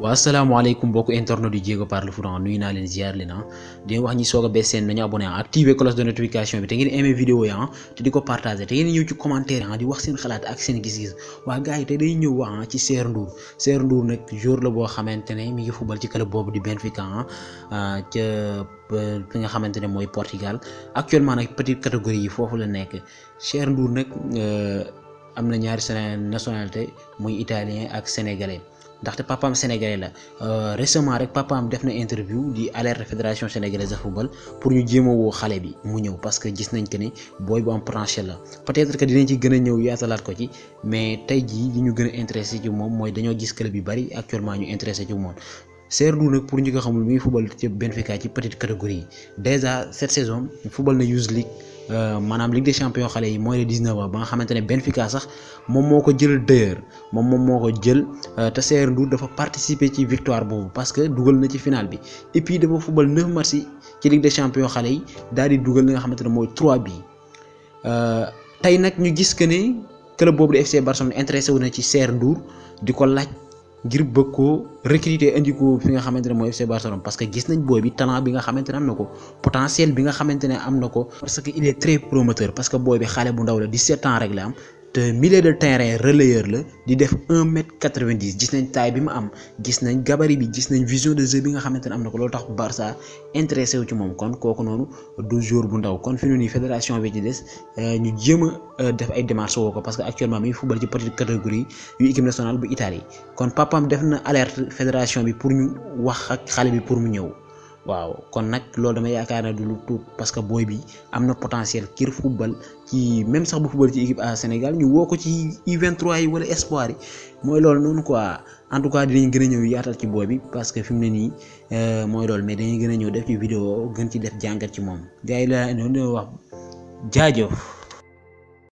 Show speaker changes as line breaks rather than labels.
waa asalaamaaleykum mbokk internet yu Diégo parle Fouran nuyu naa leen ziar leen ah di wax ñi soog a bees seen nañu abonné ah activer cloche de notification bi te ngeen aimé vidéo yi ah te di ko partager te ngeen ñëw ci commentaire ah di wax seen xalaat ak seen gis-gis waa gars yi te day ñëw wax ah, ci Cher Ndour Cher Ndour nag jour la boo xamante ne mi ngi fubal ci club boobu di Benfica ah, ah ca fi nga xamante ne mooy Portugal actuellement nag petite catégorie yi foofu la nekk Cher Ndour nag. Euh, am na ñaari nationalité muy italien ak sénégalais ndaxte papaam sénégalais la euh, récemment rek papaam def na interview di alerte fédération sénégalaise de football pour ñu jéem a woo xale bi mu ñëw parce que gis nañ que ni booy bu am branché la peut-être que dinañ ci gën a ñëw yaatalaat ko ci mais tey jii ñu gën a intéressé ci moom mooy dañoo gis club yu bari actuellement ñu intéressé ci moom Cherno nag pour ñu nga xamul muy football ci Benfica ci petite catégorie yi déjà cette saison football na Youth League euh, maanaam Ligue des champions xale yi mooy le 19 ba nga xamante ne Benfica sax moom moo ko jël d'ailleurs moom moom moo ko jël euh, te Cherno Ndour dafa participer ci victoire boobu parce que dugal na ci final bi et puis dafa football 9 mars yi ci Ligue des champions xale yi daal di dugal li nga xamante ne mooy 3 bii euh, tey nag ñu gis que ne club boobu de FC Barcelone intéressé wu na ci Cherno Ndour di ko laaj. ngir bëgg koo recruter indi ko fi nga xamante ne mooy FC Barcelone parce que gis nañ booy bi talent bi nga xamante ne am na ko potentiel bi nga xamante ne am na ko parce que il est très prometteur parce que booy bi xale bu ndaw la 17 ans rek la am te milieu de terrain relayeur la di def un mètre quatre vingt dix gis nañ taille bi ma am gis nañ gabari bi gis nañ vision de jeu bi nga xamante ne am na ko loolu tax Barça intéressé wu ci moom kon kooku noonu du jour bu ndaw kon fi mu ne nii fédération bi ci des euh, ñu jéem a euh, def ay démarches woo ko parce que actuellement mi ngi football ci petite catégorie yu équipe nationale bu Italie kon papam def na alerte fédération bi pour ñu wax ak xale bi pour mu ñëw. waaw kon nag loolu dama yaakaar na du lu parce que booy bi am na potentiel kir football ci même sax bu football ci équipe A Sénégal ñu woo ko ci U23 yi wala espoir yi mooy loolu noonu quoi en tout cas dinañ gën a ñëw yaatal ci booy bi parce que fi mu ne nii euh, mooy lool mais dañuy gën a ñëw def ci vidéo gën ci def jàngat ci moom gars yi laa doon wax jaajëf